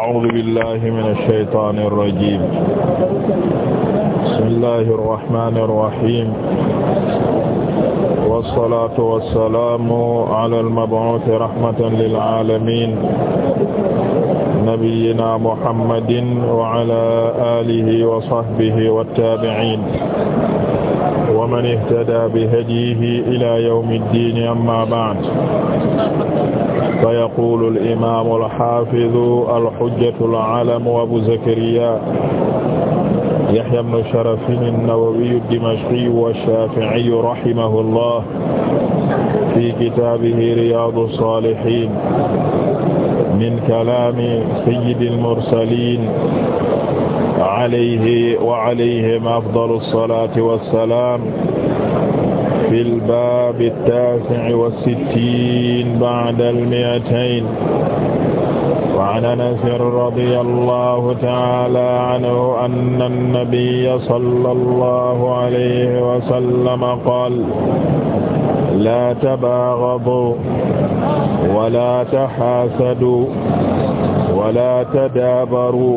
أعوذ بالله من الشيطان الرجيم بسم الله الرحمن الرحيم والصلاة والسلام على المبعوث رحمة للعالمين نبينا محمد وعلى آله وصحبه والتابعين ومن اهتدى بهديه إلى يوم الدين أما بعد فيقول الإمام الحافظ الحجة العلم أبو زكريا يحيى بن شرف النووي الدمشقي والشافعي رحمه الله في كتابه رياض الصالحين من كلام سيد المرسلين alayhi wa alayhim afdalu salaati wa salaam fil baabi taasi'i wa sittiin ba'dal mi'atayn wa an Anas radiyallahu ta'aala anhu anna nabiyya sallallahu alayhi wa sallam qaala laa tabaagadu wa laa taxaasadu wala tadaabaru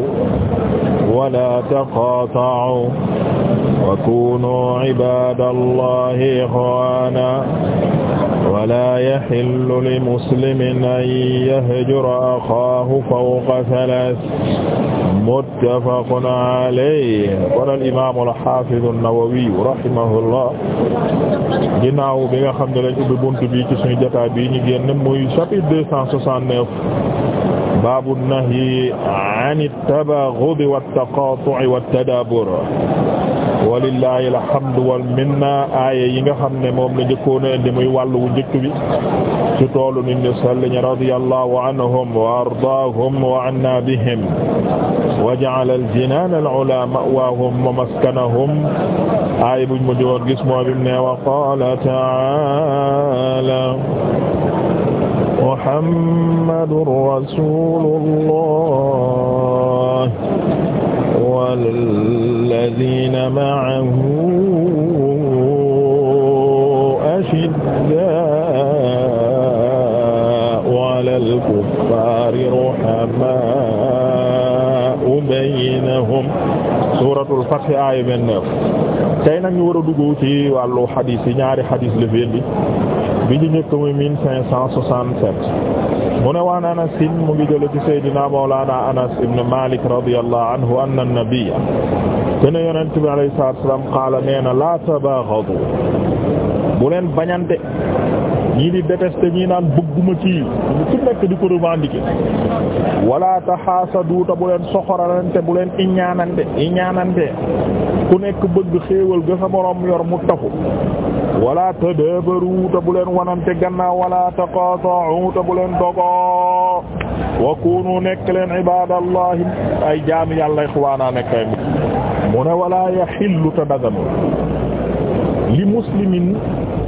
wala taqaata'u wa kuunu cibaadallaahi ixwaana wala yaxillu limuslimin an yahjura axaahu fawqa salaas muttafaqun alayhi qaala al-imaamu al-xaafidu an-nawawiyu rahimahullah ginnaaw bi nga xam ne lañ ubbi bunt bi ci suñu jotaay bii ñu génn muy chapitre deux cent soixante-neuf baabu nahyi an at-tabaghudi wat-taqaatu'i wat-tadaabur walillahi alhamdu wal minna aaya yi nga xam ne moom la njëkkoon a indi muy wàllu wu njëkk bi ci toolu nit ñu sell ñi radiyallahu anhum wa ardaahum wa anna bihim wa ja'ala al-jinaana al-'ulaa ma'waahum wa maskanahum aaya buñ mu joor gis moo bi ne wa qaala ta'aala muhammadur rasulullah walladiina ma'ahu ashiddaa'u alal kuffaari ruhamaa Fath aaya vingt-neuf tey nag ñu war a dugg ci wàllu xadis yi ñaari xadis la fi bi ñu njëkk muy mille cinq cent soixante-sept mu ne waan Anas mu ngi jële ci Seydina Mawlana Anas ibn Malik radiyallahu anhu anna an-nabiyya nee na laa tabaghadu bu leen bañante ñii di détester ñii naan bëgguma kii ku nekk di ko revendiquer wala taxaasadu ta bu leen soxoralante bu leen ku nekk bëgg xéewal ga sa yor mu tafu wala tadabaru ta bu leen wanante gannaaw wala taqata'u ta bu leen dogoo wa kunu nekk leen ibadallahi ay jaami yàlla ixwaana nekk ay mu ne wala yaxillu ta daganul li muslimin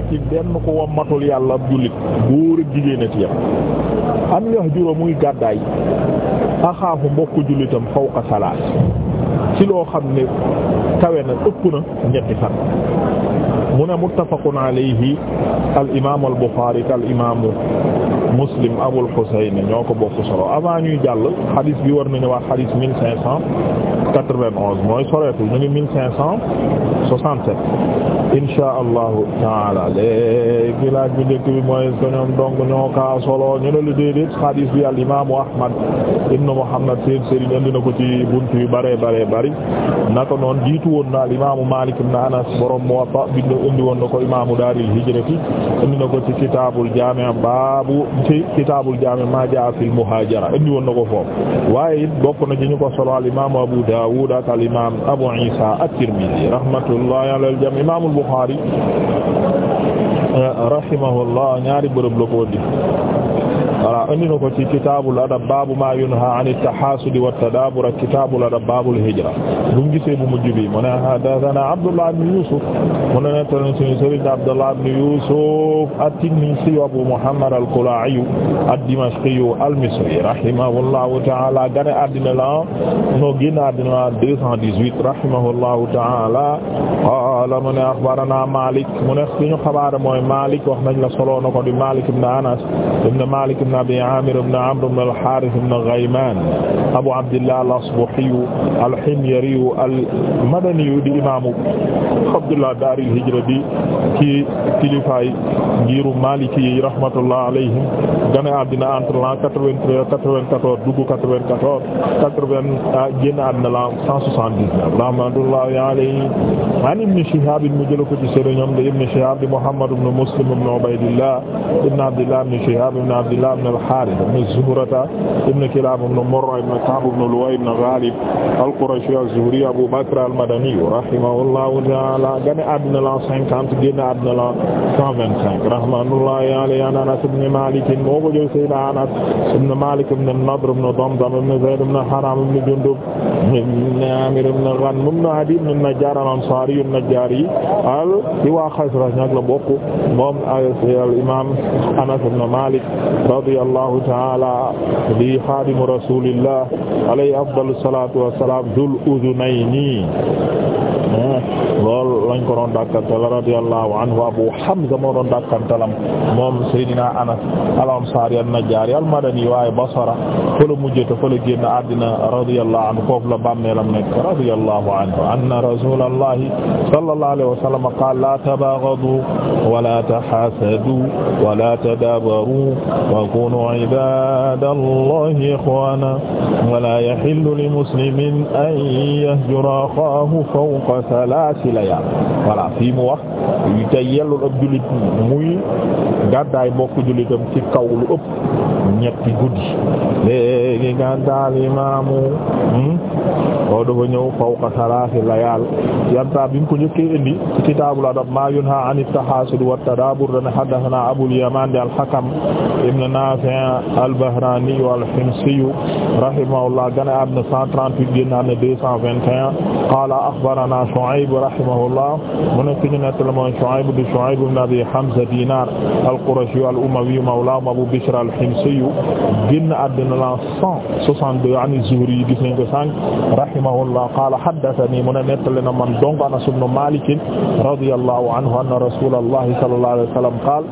ci benn ko wammatul yàlla ab jullit góor ak jigéen a ci yam an muy gàddaay axaafu mbokk jullitam fawqa salaas ci loo xam ne kawe na ëpp na ñetti fan mu ne muttafaqun alayhi al imaamu al Buxaari al imaamu Muslim Abul Husayn ñoo ko bokk solo avant ñuy jàll xadis bi war nañu wax xadis mille quatre-vingt-onze mooy soreetul ñu ngi mille cinq cent soixante-sept insha allahu taala léegi laaj bi njëkk bi mooy ko ñoom donc ñoo kaa solo ñu ne lu déedéet xadiis bi al imaamu ahmad ibnu muhammad seen sëriñ indi na ko ci buntu yu bare bare bari naka noon jiitu woon na al imaamu maalik ibnu anas borom muwatta bind indi woon na ko imaamu daaril hijrati indi na ko ci kitaabul jaami' baabu ci kitaabul jaami' maa jaa fil muhaajara indi woon na ko foofu waaye it bokk na ci ñu ko solo al imaamu abu Daawuud ak al imaam Abu Iisa at-Tirmidhi rahmatullahi ala al-jamii' imaamul Buxaari eh, rahimahullah ñaari bërëb la ko di andi na ko ci kitaabul adab baabu maa yunhaa an at-tahaasud wa at-tadaabur ak kitaabul adab baabul hijra bu mu gisee bu mujj bi mu ne haddathanaa Abdullah ibn Yuusuf mu ne nettali sunu sëriñ Abdullah ibn Yuusuf at-Tinnisi Abu Muhammad al-Kalaa'i ad-Dimashqi al-Misri rahimahullahu ta'aala gane addina la no génn addina 218 rahimahullahu ta'aala qaala mu ne akhbaranaa Maalik mu ne suñu xabaar mooy Maalik wax nañ la solo na ko di Maalik ibn Anas ibn Maalik ibn Abi Aamir ibn Amr ibn al-Haarith ibn Ghaymaan Abu Abdillah al-Asbahi al-Himyari al-Madani di imaamu Abdullah daar al-hijra bi ci kilifaay ngiru Maliki yi rahmatullah alayhim gane àddina entre l'an 93 94 dugg 94 80 génn àddina l'an 179 rahmatullahi alayhi an Ibn Shihab mu jël ko ci sëriñam de Ibn Shihab di Muhammad ibn Muslim ibn Ubaydillah ibn Abdillah ibn Shihab ibn Abdillah al-Haaris ibn Zuhrata ibn Kilaab ibn Murra ibn Ka'b ibn Luway ibn Ghalib al-Qurashi az-Zuhri Abu Bakr al-Madani rahimahullahu ta'ala gane àddina la 50 génn àddina la 125 rahmatullahi alayhi an Anas ibn Malik moo ko jël Sayyidina Anas ibn Malik ibn Nadr ibn Damdam ibn Zayd ibn Haram ibn Jundub ibn Amir ibn Ghanm ibn Adi ibn Najjar al-Ansari an-Najjari ci waa Xasraj nag la bokk moom al-Imam Anas ibn Malik radiyallahu allahu taala di xaadimu rasulillah alayhi afdalu salatu wassalam dul udunayni lool lañ ko doon dàkkantal radiyallahu anhu Abu Hamza moo doon dàkkantalam moom Seydina Anas al-Ansari an-Najjari al-Madani waaye Basra fa la mujj te fa la génn àddina radiyallahu anhu foofu la bàmmeelam nekk radiyallahu anhu anna rasulallahi sallallahu alayhi wa sallam qala la tabaghadu wa la tahasadu wa la tadabaru wa kunu ibadallahi ikhwana wa la yahillu limuslimin an yahjura akhahu fawqa wa salasilaya voilà fii mu wax te yellul ab jullit muy gàddaay mbokk jullitam ci kaw lu ëpp ñetti guddi léegi gànta al imaamu oo hmm? dafa ñëw fawqa salaasi layaal yanta bi mu ko njëkkee indi ci kitaabul adab maa yunha an at-tahaasud wa at-tadaabur dana haddathana abul yamaan di al-hakam ibn naafi' al-bahraani al-himsi rahimahullah gane àddina 138 génn àddina 221 qaala akhbarana shu'ayb rahimahullah mu nekk ñu nettali mooy shu'ayb di shu'ayb ibn abi hamza dinar al-qurashi al-umawi mawla abu bishr al-himsi génn àddina 162 an az-Zuhri gis nañ ko sànq rahimahullah qala haddathani mu ne nettali na man dong Anas ibn Malik radiyallahu anhu anna rasulallahi sallallahu alayhi wa sallam qala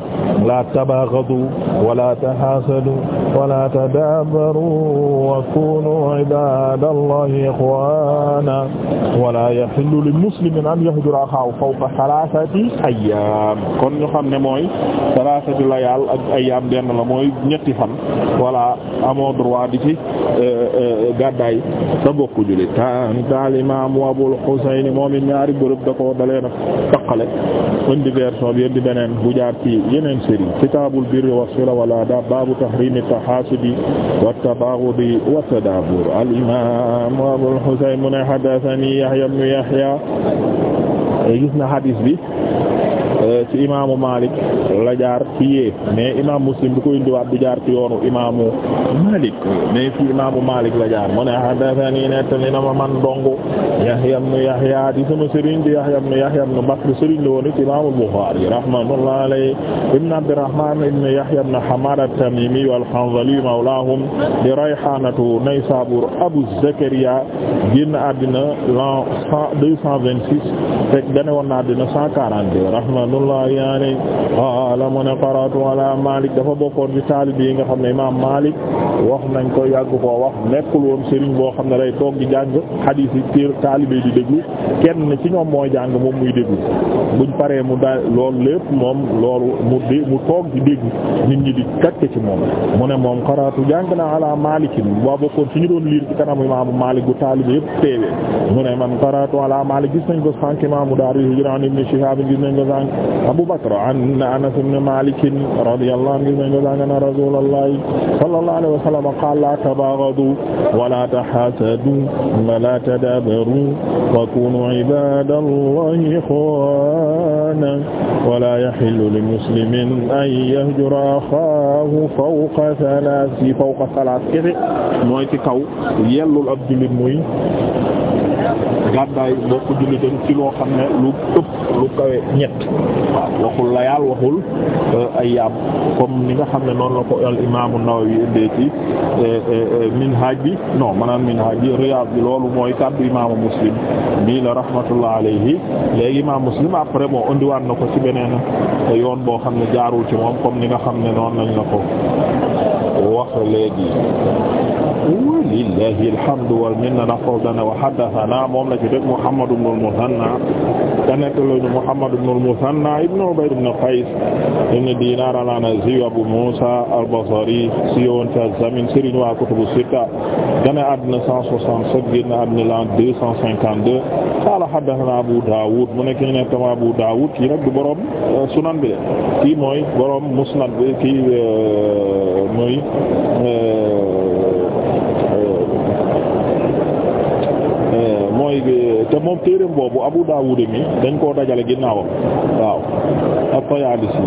la tabaghadu wa la tahasadu wa la tadabaru wa kunu ibadallahi ikhwana wa la yahillu lil-muslimin an yahjura akhahu fawqa thalathati ayyam kon ñu xam ne mooy thalathati layal ak ayyam benn la mooy ñetti fan wala amoo droit di ci euh, euh, gàddaay ta bokku jullit daal imaam Abul Husayn moom it ñaari bërëb da ko dalee na taqale indi version bi indi beneen bu jaar ci yeneen série kitaabul birri was-sila wal aadaab baabu tahriimi tahaasudi wat-tabaghudi wat-tadaabur al imaam Abul Husayn mu ne haddathanii Yahya ibn Yahya gis na hadis bi ci imaamu Malik la jaar ci yee mais imaam Muslim bu ko indiwaat du jaar ci yoonu imaamu Malik mais fi imaamu Malik la jaar mu ne hadathani nettali na ma man dong Yahya ibn Yahya di sama sëriñ di Yahya ibn Yahya ibn Bakr sëriñ la woon ci imaamu Bukhari rahmatullahi alayhi ibn Abdurrahman ibn Yahya ibn Hamad at-Tamimi wal-Hanzali mawlahum di rayhanatu Naysabur Abu Zakaria génn àddina l'an 226 fekk gane woon na àddina 142 rahmatullahi alayhi qaala mu ne qara'tu ala Malik dafa bokkoon ci taalib nga xam ne imaam Malik wax nañ ko yàgg koo wax nekkul woon Serigne boo xam ne day toog di jàng xadiis yi ci taalibe di déglu kenn ci ñoom mooy jàng moom muy déglu buñ paree mu daal loolu lépp moom loolu mu di mu toog di déglu nit ñi di kàcce ci moom mu ne moom qara'tu jàng na ala Malik waa bokkoon suñu doon liir ci kanam imaamu Malik bu taalibe yëpp teewee mu ne man qara'tu ala ko sànq imaamu Daaru Hijra Abu Bakr an Anas ibn Malik radiyallahu anhu gis nañ ko Rasulullahi sallallahu alayhi wa sallam qala la tabaghadu wa la tahasadu wa la tadabaru wa kunu ibadallahi ikhwana wa la yahillu li muslimin an yahjura akhahu fawqa thalathi fawqa thalath kese mooy ci kaw yellul ab jullit muy gàddaay bokk jullitam ci loo xam ne lu ëpp lu kawe ñett waaw waxul layaal waxul euh, ay ayyaam comme ni nga xam ne noonu la ko al imaamu Nawawi indee ci euh, euh, minhaj bi non maanaam minhaj bi riyaad bi loolu mooy kàddu imaamu Muslim mii la rahmatullah alayhi léegi imaamu Muslim après bon indiwaat na ko ci beneen yoon boo xam ne jaarul ci moom comme ni nga xam ne noonu lañ la ko wax léegi lillahi alhamdu wal minna nafawdana wa haddathana moom la ci def Muhammad ibn al-Muthanna ka nekk lañu Muhammad ibn Abu Musa al-Basri siyoon ca Zamin sëriñ waa kutubu sitta gane àddina 167 génn àddina l'an 252 qala haddathana Abu Dawud mu mooy te moom téereem boobu Abu Dawud mi dañ koo dajale ginnaawam waaw at-Tayaalisi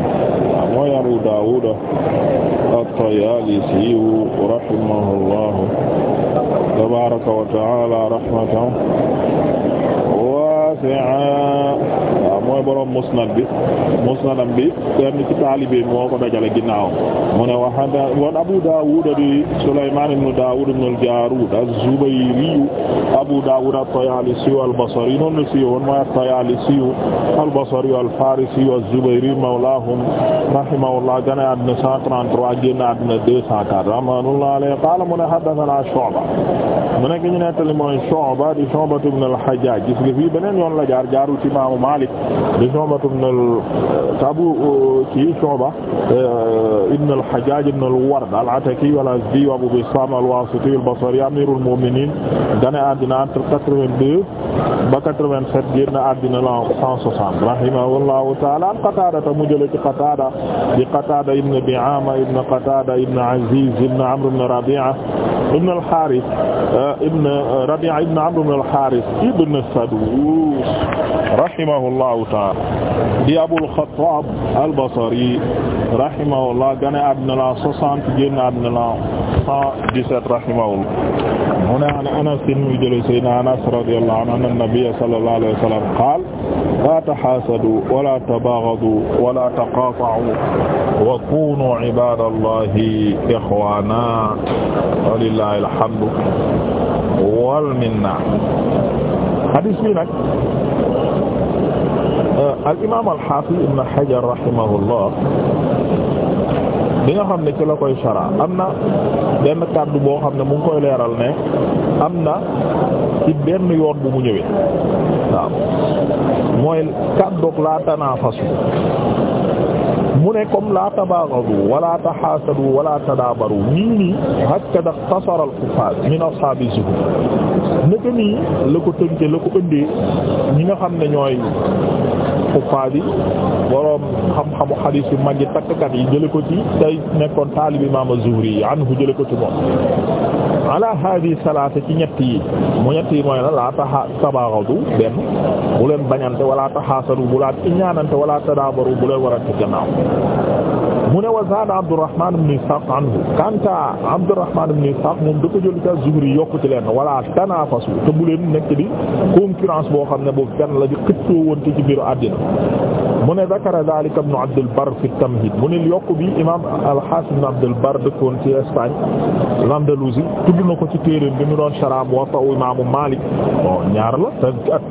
waaw mooy Abu Dawud at-Tayaalisi rahimahullahu tabaaraka wa ta'aala rahmatan wasi'a waaw mooy borom musnad bi musnadam bi kenn ci taalibe moo ko dajale ginnaaw mu ne waxada woon Abu Dawud di Sulaymaan ibn Dawud ibn al-Jaarud az-Zubayri Abu Dawud at-Tayaalisi al-Basri noonu la siiwoon mooy at-Tayaalisi al-Basri al-Faarisi az-Zubayri mawlaahum rahimahullah gane àddina 133 génn àddina 204 rahmatullahi alayhi qaala mu ne haddathanaa Shu'ba mu ne ki ñu nettali mooy Shu'ba di Shu'ba ibn al-Hajjaaj gis nga fii beneen yoon la jaar jaarul ci imaamu Maalik di Shu'ba ibn al-Abu ci Shu'ba eh, ibn al-Hajjaj ibn al-Ward al-Ataki wal-Azdi wa Abu Bistam al-Wasiti al-Basri amirul mu'minin gane àddina entre 82 ba 87 génn àddina la 160 rahimahullahu ta'ala an Qatada ta mu jële ci Qatada di Qatada ibn Di'ama ibn Qatada ibn Aziz ibn Amr ibn Rabi'a ibn al-Harith eh, ibn Rabi'a ibn Amr ibn al-Harith ibn Saduud rahimahullahu taala di Abul Xattaab al-Basri rahimahullah gane àddina la soixante génn àddina la cent dix-sept rahimahullah mu ne an Anas muy jële Seydina Anas radiyallahu anhu anna nabiyya sallallahu alayhi wa sallam qaala laa tahaasadu wa laa tabaghadu wa laa taqaata'u wa kuunuu ibaadallahi ixwaana wa lillaahil hamdu wal minna xadis bi nag euh, al imaam al xaafiz ibn Hajar rahimahullah bi nga xam ne ci la koy shara am na benn kàddu boo xam ne mu ngi koy leeral ne am na ci benn yoon bu mu ñëwee waaw mooy kàddoog laa tanaafasu mu ne comme laa tabaagadu wala taxaasadu wala tadaabaru nii nii hakkada ixtasara al-xuffaaz min ashaabi zuhd naka nii la ko tënkee la ko ëndee ñi nga xam ne ñooy xuppaa bi boroom xam-xamu xadiis yu mag yi takkkat yi jële ko ci tey nekkoon taalib imaam az-Zuhri yi anhu jële ko ci moom ala hadi ci ñett yi mu ñett yi mooy la laa taxa tabaagadu benn bu leen bañante wala taxaasadu bu laa iñaanante wala tadaabaru bu leen warante gannaaw mu ne wa zaada Abdurrahman ibn Ishaq anhu kanta Abdurrahman ibn Ishaq moom da ko jël ca Zuhri yokku ci leen wala tanaafasu te bu nekk di concurrence boo xam ne boobu kenn la di xëccoo woon ci biir àddina mu ne zakara daalika ibnu Abdul Barr fi tamhiid mu ne yokk bi imaam al-Hasan ibnu Abdul Barr dëkkoon ci Espagne l'Andalousie tudd na ko ci téereem bi mu doon Shara Muwatta imaamu Maalik bon ñaar la te ak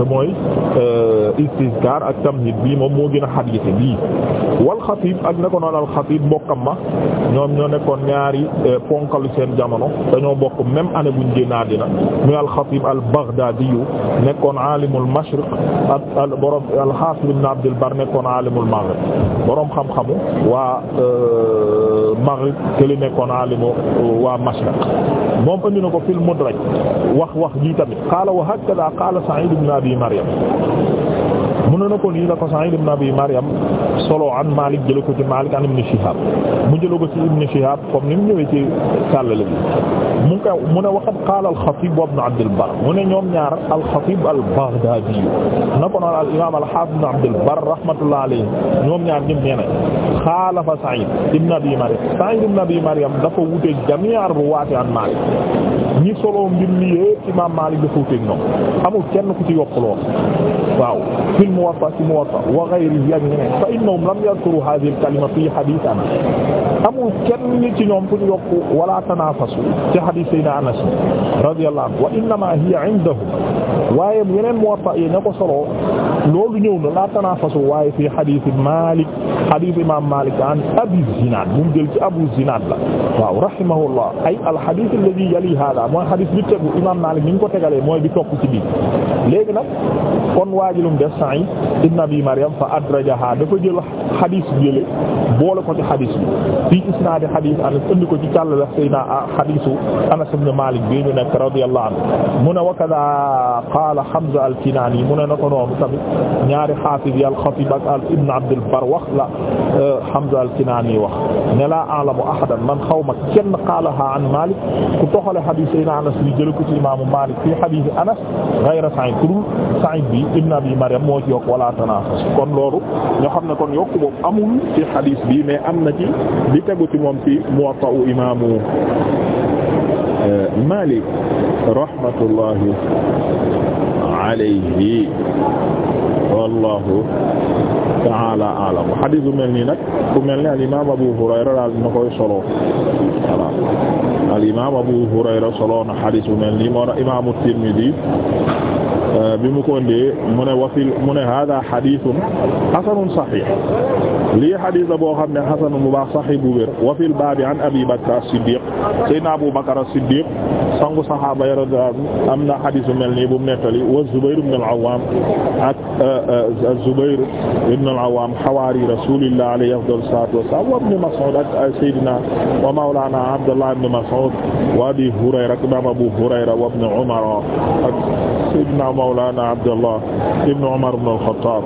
te mooy euh, istizkaar ak tamhiid bii moom moo gën a xadiis bii wal Xatiib ak na ko noon al Xatiib mbokkam ma ñoom ñoo nekkoon ñaari eh, ponkalu seen jamono dañoo bokk même année buñ génn àddina muy al-Xatib al-Baghdadi yu nekkoon aalimul mashriq ak al borom al-Hafiz ibn Abd al-Barr nekkoon aalimul maghrib borom xam-xamu waa eh, maghrib te li nekkoon aalimu waa mashriq moom indi na ko fil Mudraj wax wax jii tamit qaala wa hakada qaala Sa'id ibn Abi Maryam mu ne na ko nii la ko Sa'id ibn Abi Maryam solo an Malik jële ko ci Malik an Ibn Shihab mu jële ko ci Ibn Shihab comme ni mu ñëwee ci tallale bi mu ko mu ne waqad qaala al-Khatib wa Ibn Abd al-Barr mu ne ñoom ñaar al-Khatib al-Baghdadi na ko noon al-imam al-Hafiz Ibn Abd al-Barr rahmatullah alayhi ñoom ñaar ñëpp nee na xaalafa Sa'id ibn Abi Maryam Sa'id ibn Abi Maryam dafa wuteeg jamii' ar-ruwaat an Malik ñi solo mbir mi yépp imam Malik dafa wuteeg ñoom amul kenn ku ci yokk lool waaw fil Muwatta ci Muwatta wa ghayrihi ak ñeneen fa innahum lam yadhkuru hadhihi al-kalima fi hadith Anas amul kenn ci ñoom fu ñu yokku wala tanafasu ci hadith Sayyidina Anas radiyallahu anhu wa innama hiya indahum waaye yeneen Muwatta yi ña ko solo loolu ñëw na la tanafasu waaye fii hadith Malik hadith imam Malik an Abi Zinad bu mu jël ci Abu Zinad la waaw rahimahullah ay al hadith alladhi yali hada mooy hadith bi tegu imam Malik ni ñu ko tegalee mooy bi topp ci bi léegi nag kon waajilum def Sa'id ibn Abi Maryam fa adrajaha dafa jël hadith jële boole ko ci hadith bi fii isnaad hadith Anas indi ko ci càllale sayna hadithu Anas ibn Malik bi ñu nekk radiyallahu anhu mu ne wa kada qala Hamza al-Kinani mu ne na ko noonu tamit ñaari xaafis yi al-Xatiib ak al Ibn Abd al-Barr wax la euh, Hamza al-Kinaani wax ne laa a'lamu man xaw ma kenn qaalaha an Maalik ku toxale hadiis Sayyidinaa Anas bi jëlee ko ci imaamu Maalik fii hadiis Anas ghayra Sa'iid bi Ibn Abi Maryam moo wala tanaafasu kon loolu ñoo xam ne kon yokk boobu amul ci hadiis bi mais am na ci li tegu ci moom ci Muwatta euh, rahmatullahi alayhi wallahu taala alam xadis bu mel nii nag ku mel ni alimam Abu Hurayra daal dina koy solo voilà alimam Abu Hurayra solo na xadis bu mel nii moo tax imaamu Tirmidi euh, bi mu ko indee mu ne wa fi mu ne hada xadisun xasanun saxiix lii xadis la boo xam ne xasanu bu baax saxi bu wér wa fil baabi an abi bakr as-siddiq sayyidina abu bakr as-siddiq sangu saxaaba yi radiyallahu am na xadis bu mel nii bu mu nettali wa zubayr ibn al-awwam ak euh, euh, zubayr ibn al-awwam xawaari rasulillah alayhi afdalu salaatu wa salaam wa ibn mas'ud ak euh, sayyidina wa mawlana abdullah ibn mas'ud wa abi hurayra ak imaam abu hurayra wa ibn umar ak sayyidina mawlana abdullah ibn umar ibn al-khattab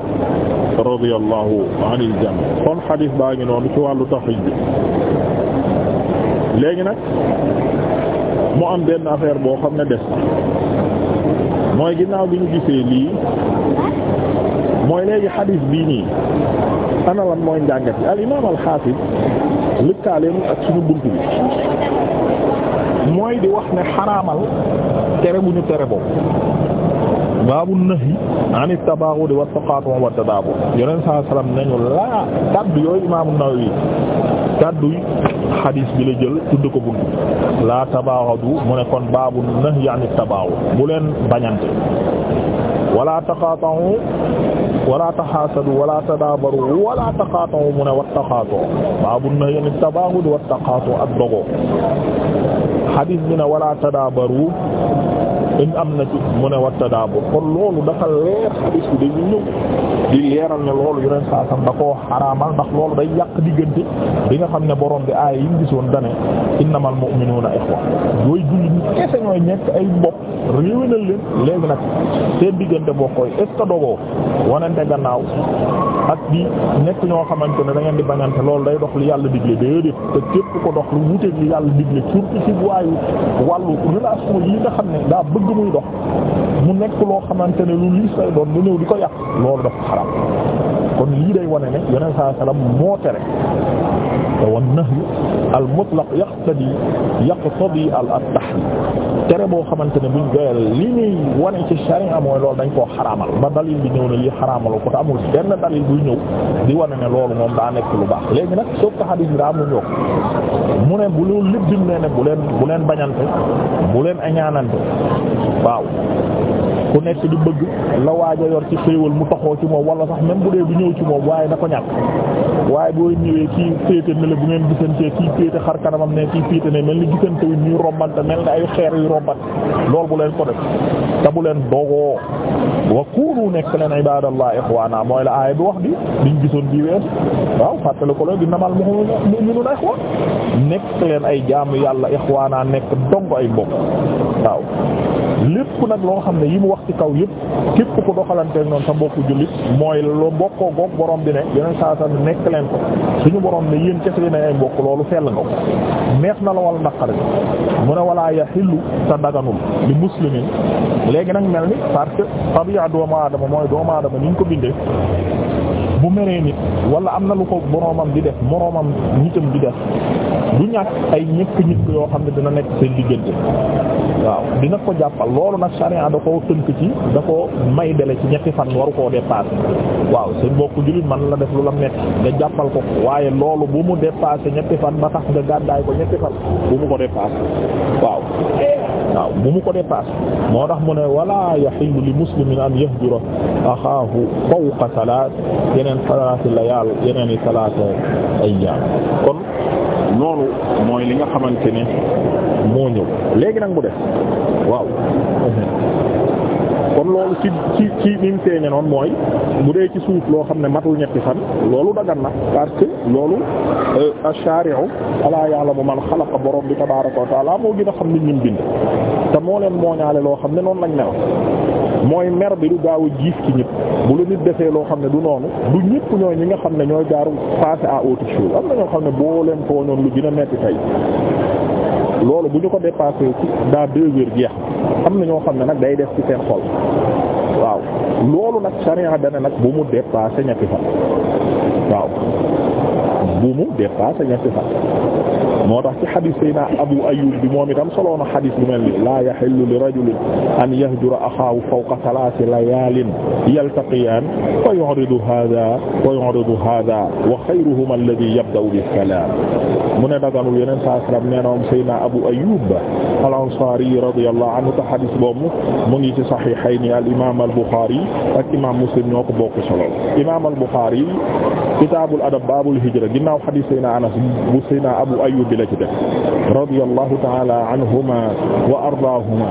radiyallahu anil jami' kon xadis baa ngi noonu ci wàllu taxrij bi léegi nag mu am benn affaire boo xam ne des mooy ginaaw bi ñu gisee lii mooy léegi xadis bii nii ana mooy njàngat yi al imaam al xaafis lëkkaaleem ak suñu bunt bi mooy di wax ne xaraamal tere bu ñu tere boobu baabu nahyi an at-tabaghud wa at-taqatu' wa at-tadabur yeneen saa salaam nañu laa kaddu yooyu imaam an-Nawawi kaddu xadiis bi la jël tudd ko bunt laa tabaghadu mu ne kon baabu nahyi an at-tabaghud bu leen bañante wala taqata'u wala taxaasadu wala tadaabaru wala taqaatoo mu ne wa taqaatoo baabu nahyi ani tabaagud wa taqaatoo ak dogoo xadiis bi ne wala tadaabaru in am na ci mu ne wa tadaabur kon loolu dafa leer xadiis bi dañu ñëw di leeral ne loolu yu saa sam da koo xaraamal ndax loolu day yàq diggante bi nga xam ne boroom bi aaya yi ñu gisoon dane innamal mu'minuuna ixwa yooyu jullit ñi kese ñooy nekk ay mbokk réewénal leen léegi nag seen diggante boo koy est ce que dogoo wanante gannaaw ak di nekk ñoo xamante ne dangeen di bañante loolu day dox li yàlla digle déedéet te képp ko dox lu wuteeg li yàlla digle surtout ci waayu wàllu relation yi nga xam ne daa bëgg muy dox mu nekk loo xamante ne lu liis lay doon lu ñëw di ko yàq loolu dafa xaram kon lii day wane ne yeneen saa salaam moo tere wan-nahyu al-mutlaq yaqtadi yaqtadi al-tahrim tere boo xamante ne buñ doyal li ñuy wane ci sharia mooy lool dañ koo xaraamal ba dalil bi ñëw na lii xaraamaloo ko te amul benn dalil buy ñëw di wane ne loolu moom daa nekk lu baax léegi nag soo ko xadiis bi daa am mu ne bu loolu lépp dim ne ne bu leen leen bañante bu leen añaanante waaw ku nekk di bëgg la waaj a yor ci xéewal mu taxoo ci moom wala sax même bu dee du ñëw ci moom waaye na ko ñàkk waaye boo ñëwee kii féete ne la bu ngeen gisantee kii féete xar kanamam ne kii féete ne mel ni gisante wu ñuy rombante mel ni ay xeer yu rombat lool bu leen ko def te bu leen dogoo wa kuunu nekk leen ibadallah ixwaana mooy la aaya bi wax gisoon bi wees waaw ko loolu di namal mu'minuna ixwaan nekk leen ay jaamu yàlla ixwaana nekk dong ay mbokk waaw lépp nag loo xam ne yi mu wax ci kaw yëpp képp ku doxalanteeg noonu sa mbokku jullit mooy lu mbokkoo goog borom bi ne yeneen saa saa nekk leen ko suñu borom ne yéen kese yéen ay mbokk loolu fell nga ko neex na la wala naqari mu ne walaa yaxillu ta daganul li muslimin léegi nag mel ni parce que tabi'a doomu aadama mooy doomu aadama ni ñu ko bindee. bu meree nit wala am na lu ko boroomam di def moroomam nitam di def du ñàkk ay ñëkk nit yoo xam ne dina nekk seen diggante waaw dina ko jàppal loolu nag sharia da ko tënk ci da ko may dele ci ñetti fan waru koo dépassé waaw seen mbokku jullit man la def lu la metti nga jàppal ko waaye loolu bu mu dépassé ñetti fan ba tax nga gàddaay ko ñetti fan bu mu ko dépassé waaw waaw bu mu ko dépassé moo tax mu ne wala yahillu li muslimin an yahjura axaahu fawqa salaat yeneen salaati layaal yeneen i salaata ayyaam kon loolu mooy li nga xamante ne moo ñëw léegi nag mu def waaw kon loolu ci ci ci ni mu feeñe noonu mooy bu dee ci suuf loo xam ne matul ñetti fan loolu dagan na parce que loolu euh, ash-shari'u ala ya'lamu man xalaqa borom bi tabaaraka wa ta'ala moo gën a xam nit ñi bind te moo leen mooñaale loo xam ne noonu lañ mel mooy mer bi du gaaw a ci ñëpp bu la nit defee loo xam ne du noonu du ñëpp ñooy ñi nga xam ne ñooy jaaru passer à autre chose am na ñoo xam ne boo leen tooñoon lu gën a metti tey loolu bu ñu ko dépassé ci daa deux heures am na ñoo xam ne nag day def ci seen xol waaw loolu nag sharia dana nag bu mu dépassé ñetti fan waaw bu mu dépassé ñetti fan moo tax ci xadis sayna Abu Ayyub bi moom itam soloona xadis bu mel ni laa yaxillu li rajulin an yahjura axaahu fawqa talaati layaalin yaltaqiyaan fa yu'ridu haadaa wa yu'ridu haadaa wa xayruhumaa alladii dawli salaam mu ne daganul yeneen saa salaam nee na moom Seydina Abu Ayyub al-Ansari radiyallahu anhu ta hadis boobu mu ngi ci Sahihayni al imaam al Bukhari ak imaam Muslim ñoo ko bokk solo imaam al Bukhari kitaabul adab baabul hijra ginnaaw hadis Seydina Anas bu Seydina Abu Ayyub bi la ci def radiyallahu ta'ala anhuma wa ardaahuma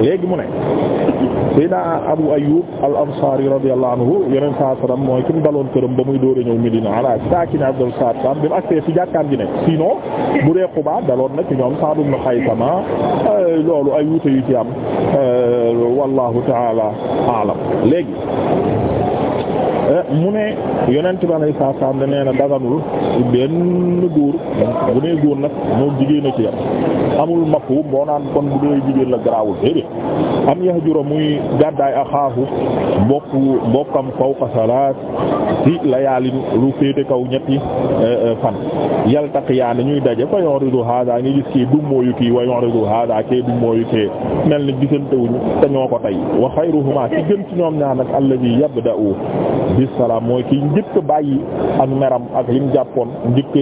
léegi mu ne Seydina Abu Ayyub al-Ansari radiyallahu anhu yeneen saa salaam mooy ki mu daloon këram ba muy door a ñëw Medina ala saakini salaatu salaam bi mu agsee ci jàkkaan ji bu dee Quba daloon na ci ñoom Sa'd na Xaysama euh, loolu ay wuute yu ci am euh, wallahu ta'ala a'lam léegi mu ne yonent bi alayhi salaam da nee na daganul benn góor bu nee góor nag moo jigéen a ci amul mafu boo naan kon bu dee jigéen la garaawul déedéet am yahjura muy gàddaay a xaafu bokk bokkam fawqa salaat ci layaalin lu féete kaw ñetti eh, eh, fan yaltaqiyaani ñuy daje fa yuridu hada ngi gis kii dummóoyu kii wa yuridu hada kee dummóoyu kee mel ni gisantewuñu te ñoo ko tey wa xayruhuma ci gën ci ñoom ñaar nag alladhi yabda'u alayhi salaam mooy ki njëkk bàyyi ak meram ak lim jàppoon njëkk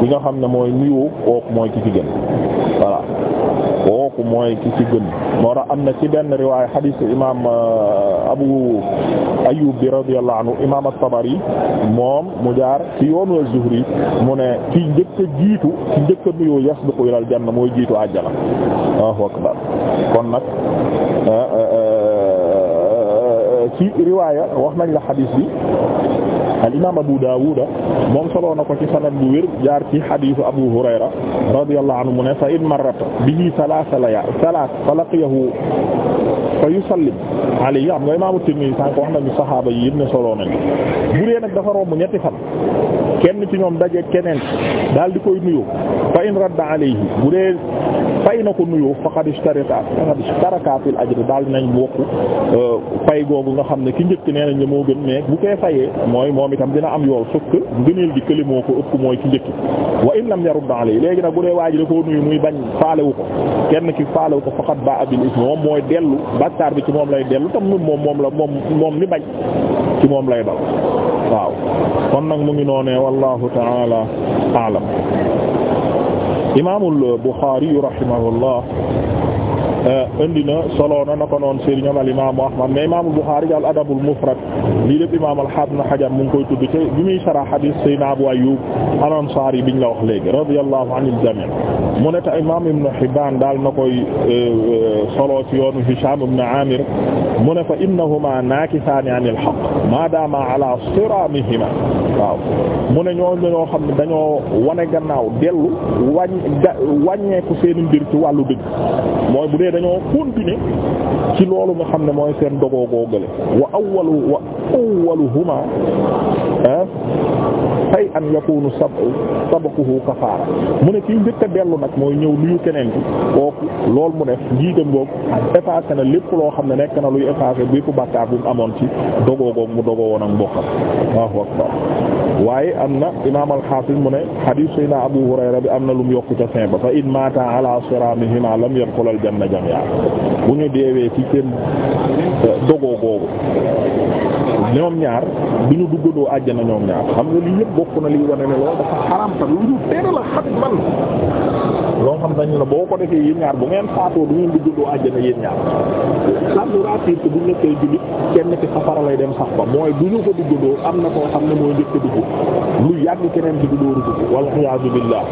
li nga xam ne mooy nuyoo kooku mooy ki ci gën voilà kooku mooy ki ci gën moo tax am na ci benn riwaay xadiis imaam euh, Abu Ayyub bi radiyallahu imaam at-Tabari moom mu jaar ci yoonu az mu ne ki njëkk jiitu ki njëkk nuyoo yasbiqu ilal janna mooy jiitu àjjana Allahu akbar kon nag euh, euh, ci riwaaya wax nañ la xadiis bi al imaam Abu Daawuda moom soloo na ko ci sanad bu wér jaar ci xadiisu Abu Hurayra radiyallahu anhu mu ne fa in marrat bihi salaasa laya salaas fa laqiyahu fa yusallim alayhi am nga imaamu Tirmidhi sànq wax na saxaaba yi yëpp ne soloo nañu bu dee nag ñetti fan kenn ci ñoom daje kenen daal di ko in radda alayhi bu dee fay na ko nuyoo faqad ishtaraka faqad ishtaraka fil ajri daal nañ bokk euh, fay googu nga xam ne ki njëkk nee nañ la moo gën mais bu koy fayee mooy moom itam dina am yool sukk ngëneel gi këli moo ko ëpp mooy ki njëkk wa in lam yarudda alayhi léegi nag bu dee waa ji da koo nuyu muy bañ faalewu ko kenn ki faalewu ko faqad ba'a bil ismi moom mooy dellu bàkkaar bi ci moom lay dellu tam moom moom la moom moom ni bañ ci moom lay dal waaw kon nag mu ngi noonee wallahu ta'ala a'lam imaamul Buxaari rahimahullah eh, indi na solo na na ko noon sëriñ am al imaamu Ahmad mais imaamul Buxaari al adabul mufrad lii lépp imaam al Haafiz Ibn Hajar mu ngi koy tudd te bi muy sarah hadiis Sayyidina Abu Ayyub al Ansaari biñ la wax léegi radiyallahu anil jamii mu ne ta imaam Ibn Hibbaan daal na koy eh, solo ci yoonu Hishaam ibn Aamir mu ne fa innahumaa naakisaani anil haqq maa daamaa alaa siraamihimaa waaw mu ne ñoo dañoo xam ne dañoo wane gannaaw dellu wàññ wàññeeku seen mbir ci wàllu dëgg mooy bu dee dañoo continuer ci loolu nga xam ne mooy seen dogoo googale wa awwalu wa awwaluhuma ah, fay an yakunu sab sabaquhu kafaara mu ne kii njëkk a dellu nag mooy ñëw nuyu keneen ki kooku loolu mu def njiitam boobu effacé na lépp loo xam ne nekk na luy effacé bépp bàkkaar bu amoon ci dogoogoog mu dogoo woon ak mbokkam Allahu waaye am na imaam al-Hafiz mu ne hadith sayna Abu Hurayra bi am na lu yokku yokk ca fin ba fa in mata ala siramihima lam yadkhul al-janna jami'a bu ñu deewee ci seen euh, dogoo googu ñoom ñaar du ñu duggandoo àjjana ñoom ñaar xam nga lii yëpp bokk na liy wane ne loolu dafa xaram te lu ñu tere la xat man loo xam ñu la boo ko defee yéen ñaar bu ngeen faatoo du ngeen di juddoo àjjana yéen ñaar sandu ratir que bu nekkee jullit kenn ci safara lay dem sax ba mooy du ñu ko di juddoo am na koo xam ne mooy njëkk dugg lu yàgg keneen di juddoo dugg wal iyaazu billah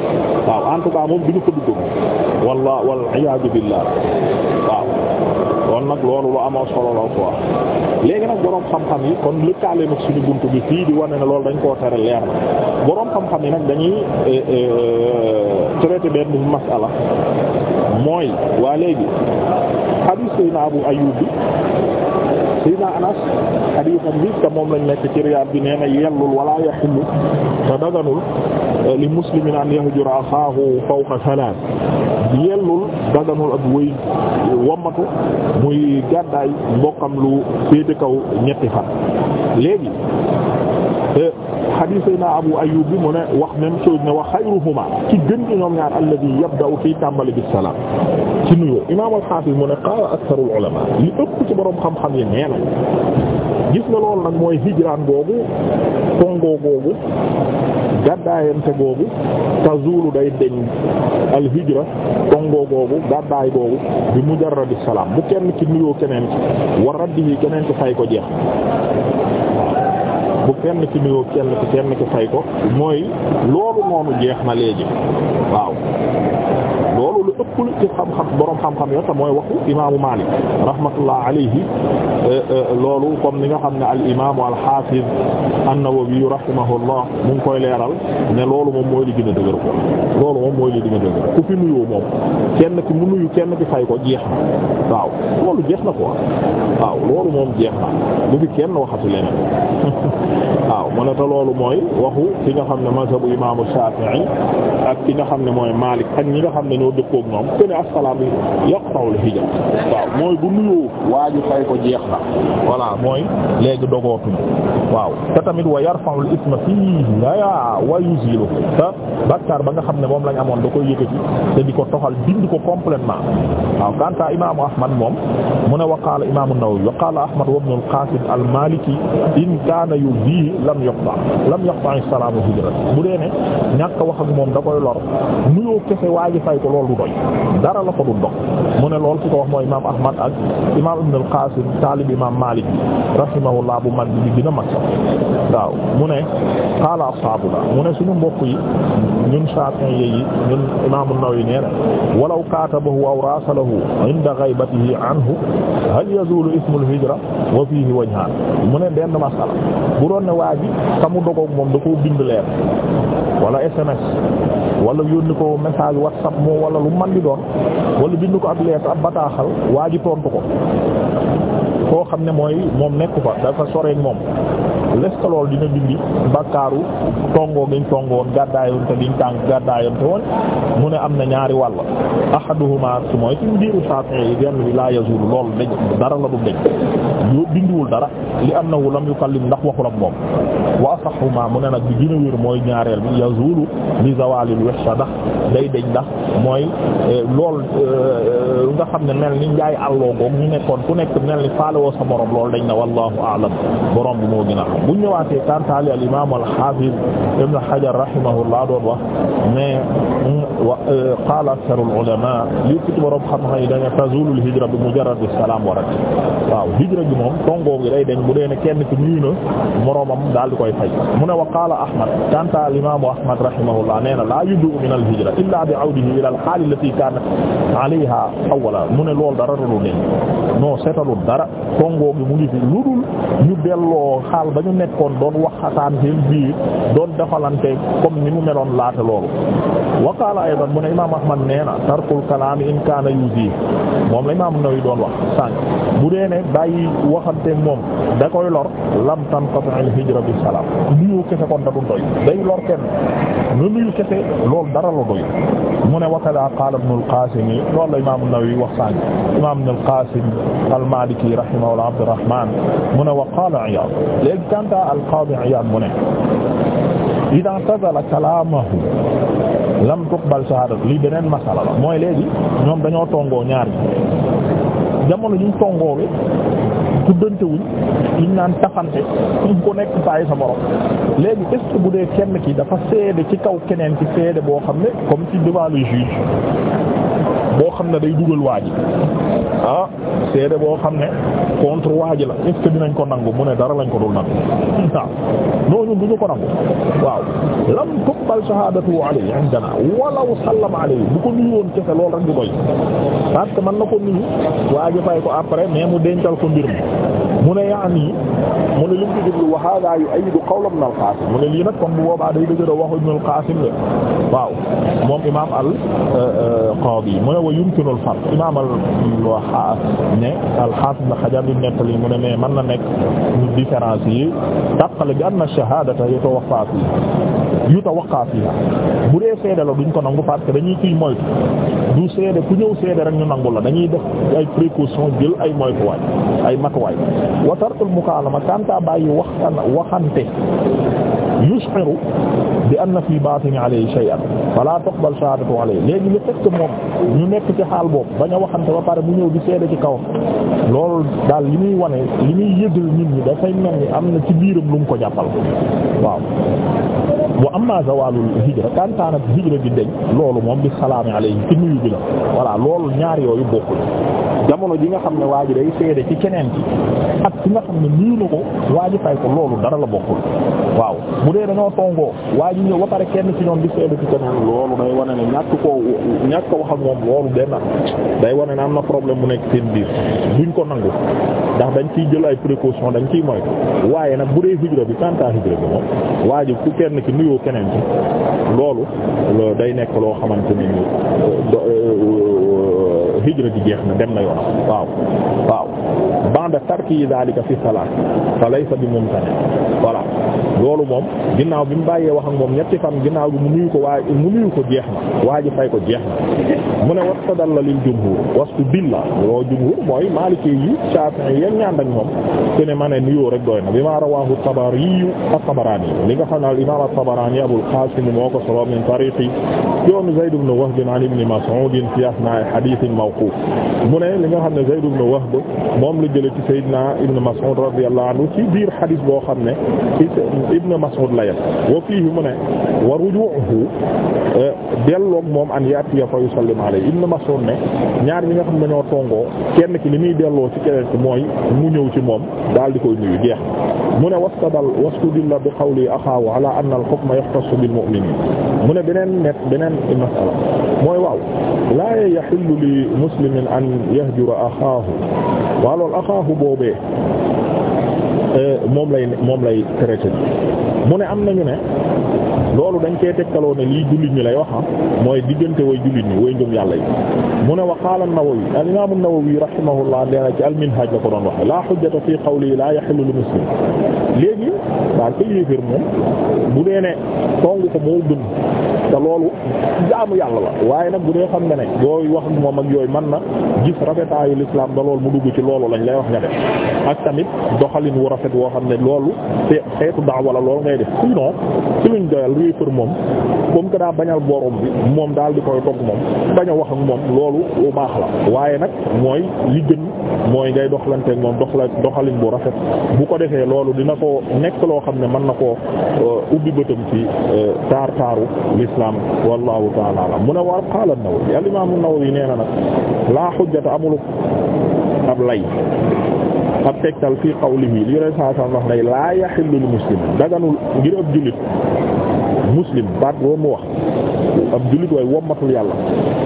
waaw en tout cas moom du ñu ko dugg walla wal iyaazu billah waaw kon nag loolu lu amoo solo la léegi nag boroom xam-xam yi kon lëkkaale nag suñu bunt bi fii di wane na loolu dañ koo tere leer na boroom xam yi nag dañuy eh, eh, masala mooy waa léegi hadith Seydina Abu Ayyub bi Seydina Anas haditham moom lañ nekk ci Riyaad bi nee na yellul wala yahillu te daganul eh, li muslimin an yahjura axaahu fawqa thalath yellul daganul ak wëy muy gàddaay mbokkam lu féete kaw ñetti fan eh, hadith sayna Abu Ayyub bi mu ne wax même chose ne wa xayruhuma ci gën ci ñoom ñaar alladhi yabda'u fii tàmbali bi salaam ci nuyoo imaam al-Hafiz mu ne qaala aktharul ulama li ëpp ci borom xam-xam yi nee na gis nga loolu nag mooy hijraan googu tongoo googu gàddaayante googu tazulu day deñ al hijra tongoo googu gàddaay googu bi mujarradi salaam bu kenn ci nuyoo keneen ci wa raddihi keneen ci fay ko jeex bu kenn ci nuyoo kenn ci kenn ci fay ko mooy loolu noonu jeex na léegi waaw loolu lu ëpp lu ci xam-xam borom xam-xam yo te mooy waxu imaamu Maalik rahmatullah alayhi euh, euh, loolu comme ni nga xam ne al imaamu al xaafiz an-Nawawi rahimahullah mu koy leeral ne loolu moom mooy li gën a dëgër ko loolu moom mooy li gën a ku fi nuyoo moom kenn ki mu nuyu kenn ki fay ko jeex na waaw loolu jeex na quoi waaw loolu moom jeex na lu fi kenn waxati leneen waaw mu ne te loolu mooy waxu ki nga xam ne mazhabu imaamu Shaafi'i ak ki nga xam ne mooy Maalik ñoo dëkkook ñoom te ne assalaam yaqta'u al-hijab waaw mooy bu nuyoo waaju fay ko jeex na voilà mooy léegi dogootuñu waaw te tamit wa yarfa'u al-ithma fii laa wa yuzilu te bakkaar ba nga xam ne moom lañ amoon da koy yëkkati te di ko toxal bind ko complètement waaw kanta imaamu ahmad moom mu ne wa imaamu nawawi wa ahmad wa al-Qasim al-Maliki in kaana yuzihi lam yaqta lam yaqta'i as-salaamu hijrat bu dee ne ñàkk wax ak moom da koy lor nuyoo loolu du doy dara la ko du dox mu ne lool ki ko wax mooy imaam Ahmad ak imaam Ibn al-Qasim taalib imaam Malik rahimahullah bu mag bi gën a mag sax waaw mu ne qaala ashaabuna mu ne suñu mbokk yi ñun Shafi'i yi ñun imaam an-Nawawi nee na walaw kaatabahu aw raasalahu inda ghaybatihi anhu hal yazulu ismu al wa fihi wajhan mu ne benn masala bu doon ne waa ji ka mu dogoog moom da koo bind leer wala SMS wala yónni ko message WhatsApp moo wala lu man di doon walla bind ko ab lettre ab bataaxal waa ji tontu ko koo xam ne mooy moom nekku fa dafa soreek moom lest lool dina dindi bakkaaru tongoo giñ tongoon gàddaayoonte giñ tànk gàddaayoonte woon mu ne am na ñaari wàll ahaduhuma su mooy ci mbiru Shafi'i yi benn bi la yazulu lool dañ dara la du deñ yoo dindiwul dara li am na wu lam yukallim ndax waxul ak moom wa asaxu ma mu ne nag bi gën a wér mooy ñaareel bi yazulu li zawalil wihsha ndax day deñ ndax mooy eh, lool eh, nga xam ne mel ni njaay àlloo goog ñu nekkoon ku nekk mel ni faalewoo sa borom lool dañ na wallahu a'lam borom bi moo gën a xam bu ñëwaatee kantaali al imam al hafiz ibn hajar rahimahullah doon wax mais mm, eh, qala akthar al ulama li ci borom xam-xam yi dañu tazulu al hijra bi mujarrad as-salam wa rad waaw hijra gi moom tongoo gi day deñ bu dee ne kenn ku nuyu moroomam daal di koy fay mu ne wa qaala ahmad kanta al imaamu ahmad rahimahullah nee na laa yubdu min al hijra illa bi awdihi ila al haal allati kaanat alayha awwala mu ne loolu dara lu deñ non seetalu dara tongoo gi mu ngi fi lu dul ñu delloo xaal ba ñu nekkoon doon waxataan seen biir doon defalante comme ni mu meloon laata loolu wa qaala aydan mu ne imaam ahmad nee na tarkul kalaam in kaana yuzi moom la imaam Nawawi doon wax sànq muy waxanteeg moom da koy lor lam tanqati al hijra bi salaam nuyu doy day lor kenn nu nuyu kese loolu dara la doy mu imam an-Nawawi wax sànni imam ibn al qasim al maliki rahimahullah wa qaala Iyad léegi kanta al qadi Iyad mu kalaamahu lam tuqbal shahaadat lii beneen masala mooy léegi ñoom dañoo tongoo ñaar yi jamono ñu tongoo bi tuddantewuñ liñ naan tafante suñ ko nekk bàyyi sa borom léegi est bu dee kenn ki dafa seede ci kaw keneen ci seede boo xam ne comme ci devant le juge boo xam ne day dugal waaji ah seede boo xam ne contre waaji la est-ce que dinañ ko nangu mu ne dara lañ ko dul nangu waaw nooñun duñu ko nangu waaw lam tuqbal shahadatu alayhi indana walaw sallama alayhi bu ko nuyoon kese loolu rek du doy parce que man na ko nuyu waaji fay ko après mais mu dencal ko mbir mi mu ne yaani mu ne li mu ci jublu wa hada yu'ayyidu qawla ibn al-Qasim mu ne lii nag comme bu boobaa day dëgg a waxu ibn al-Qasim la waaw moom imaam al-Qadi euh, euh, mu ne wa yumkinu al-farq imaam al-Haas ne al-Haas ibn Hajar bi nettali mu ne mais mën na nekk différence yi taqale bi anna ash-shahadata yatawaffa fi yu tawaqa fiha bu dee seede la duñ ko nangu parce que dañuy ciy moytu du seede ku ñëw seede rek ñu nangu la dañuy def ay précaution jël ay moytuwaay ay matuwaay wa tarkul mukaalama kanta bàyyi waxtaan waxante yushiru bi anna fi batini alayhi shay'an fala tuqbal shahadatu alayhi léegi le fait moom ñu nekk ci xaal boobu bañ a waxante ba pare mu ñëw di seede ci kaw loolu daal li muy wane li muy yëgal nit ñi dafay am na ci biiram lu ko jàppal waaw wa amma zawalul hijra kantaan ak loolu moom bi salaami alayhi ci nuyu bi la jamono ji nga xam ne waa ci keneen ci ak ko waa ji ko loolu dara la bokkul waaw dee dañoo tongoo waa ji ñëw ba pare kenn ci ñoom di seede ci keneen loolu day wane ne ñàkk koo ñàkk wax ak moom loolu benn day wane ne am na problème bu nekk seen biir duñ ko nangu ndax dañ ciy jël ay précaution dañ ciy moytu waaye nag bu dee hijra bi tant hijra bi moom waa ji ku kenn ki nuyoo keneen ci loolu day nekk loo xamante ni euh, euh, hijra di jeex na dem na yoon waaw waaw ba'da tarki dhalika fi salat fa laysa bi mumtani voilà loolu moom ginnaaw bi mu bàyyee wax ak moom ñetti fan ginnaaw bi mu nuyu ko waaye mu nuyu ko jeex na waa ji fay ko jeex na mu ne wastadalla lil jumhur wastu billa loo jumhur mooy maliki yi shafi'i yi ñaan ak moom te ne ma ne nuyoo rek doy na bi ma rawahu tabari at-tabarani li nga xam ne al imam at-tabarani abul qasim moo ko solo min tariqi yoon zayd ibn wahb an ibn mas'ud fi asna'i hadith mawquf mu ne li nga xam ne zayd ibn wahb moom la jël ci Seydina Ibn Mas'ud radiyallahu anhu ci biir xadis boo xam ne ci Ibn Mas'ud la yem wa yu mu ne wa rujuuhu delloog moom an yatiya fa yusallim alayhi Ibn Mas'ud ne ñaar ñi nga xam ne ñoo tongoo kenn ki li muy delloo ci keneen ki mooy mu ñëw ci moom daal di koy nuyu jeex mu ne wastadal wastadalla bi qawli axaahu ala anna al hukma yaxtassu bil mu'miniin mu ne beneen net beneen masala mooy waaw laa yaxillu li muslimin an yahjura axaahu waaw loolu axaahu boobee eh, moom lay moom lay traité mu ne am nañu ne loolu dañ cee tegtaloo ne lii jullit ñi lay wax ah mooy diggante way jullit ñi way ngëm yàlla yi mu ne wa qaala an-Nawawi al-imaam an-Nawawi rahimahullah nee na ci al la ko doon waxe la hujjata fi qawli la yahillu li muslim léegi daal ko yéefér moom bu dee ne tong ko moo gën te loolu jaamu yàlla la waaye nag bu dee xam nga ne booy wax moom ak yooyu man na gis rafetaayu l'islam ba loolu mu dugg ci loolu lañu lay wax nga def ak tamit doxalin wu rafet woo xam ne loolu te xeetu wala loolu ngay def sinon ci luñ doyal réefër moom comme que bañal borom bi moom daal di koy togg moom bañ a wax moom loolu bu baax la waaye nag mooy li gën mooy ngay doxalanteeg moom doxla doxalin bu rafet bu ko defee loolu dina ko nekk loo xam ne mën na ko euh, ubbi bëtam ci euh, taar taaru l'islam islaam wallahu taala alam mu ne war qaala an-Nawawi al-imaam an-Nawawi nee na nag laa xujjata amul ab lay ab tegtal fii qawlihi li yoneen saa sallam wax ne laa yaxillu li muslim daganul ngir ab jullit muslim baat boo mu wax ab jullit way wommatul yàlla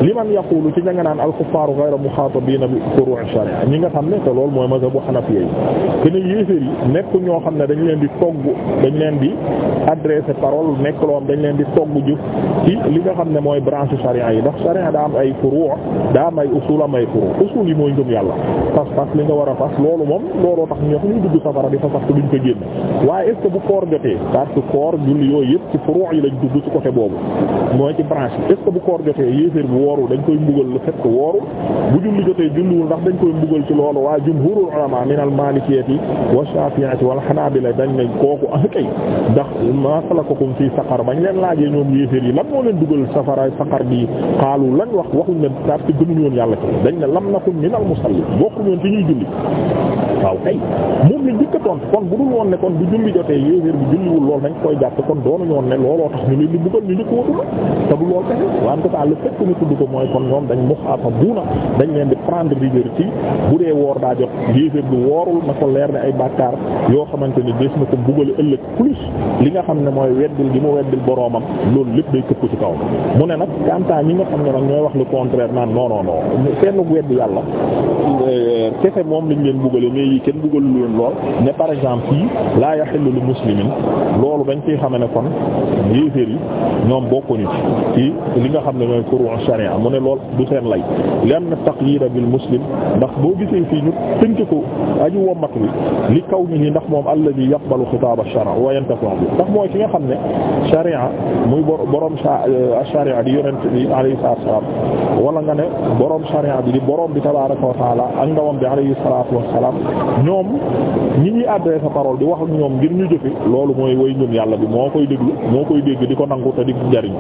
li man yaqulu ci ña nga naan alkuffaaru ghayra muxaatabiina bi furu' ñi nga xam ne te loolu mooy mazhabu hanafiyya yi ne yéeféer yi nekk ñoo xam ne dañ leen di togg dañ leen di adressé parole nekk loo leen di togg jëf ci li nga xam ne mooy branche sharia yi ndax sharia daa am ay furu' daa am ay usul am ay furu' usul yi mooy ngëm yàlla fas fas li nga war a fas loolu moom looloo tax ñoo xam ñu dugg safara di fa sax duñ ko génn bu koor jotee parce que koor mooy ci branche bi est ce que bu koor jotee yéeféer bu woorul dañ koy mbugal le fait que wooru bu julli jotee julliwul ndax dañ koy mbugal ci loolu waa jumhurul ulama min al malikiyati wa shafi'ati wal hanabila dañ ne kooku ah kay ndax masalakakum fii saqar bañ leen laajee ñoom yéeféer bi xaalu lañ wax waxuñ ne parce que gëmuñu ne lam nakum min al musalli bokkuñu woon ci ñuy julli kon bu dul woon ne kon bu julli jotee yéeféer bu julliwul loolu dañ koy jàpp kon doonuñu woon ne looloo tax ñu leen di mbugal ñu njëkk wootu la te du loolu kese en tout cas tudd ko mooy kon ñoom dañ muxaafa buuna dañ leen di prendre rigueur ci bu dee woor daa jot yéeféer bu woorul na ko leer ne ay bàkkaar yoo xamante ni des na ko bugale ëllëg plus li nga xam ne mooy weddil gi mu weddil boroomam loolu lépp day këpp ci kaw mu ne nag kantaa ñi nga xam ne nag ñooy wax le contraire naan non non non seen weddi yàlla euh, kese moom lañ leen bugale mais yi kenn bugalu leen lool ne par exemple fii laa yaxillu li muslimin loolu dañ ciy xame ne kon yéeféer yi ñoom bokkuñu ci kii li nga xam ne mooy courant charia mu ne lool du seen lay lenn taqyid bi muslim ndax boo gisee fii ñu tënk ko aju wommat wi li kaw ni ndax moom alladhi yaqbalu xitaab ash-shara wa yantafi'u bi ndax mooy ki nga xam ne charia muy borom charia euh, di yonent bi alayhi wala nga ne borom charia bi di borom bi tabaaraka wa taala ak ndawam bi alayhi salaatu wa salaam ñoom ñi ñuy adressé parole di wax ak ñoom ngir ñu jëfe loolu mooy way ñun yàlla bi moo koy déglu moo koy dégg di ko nangu te di njariñ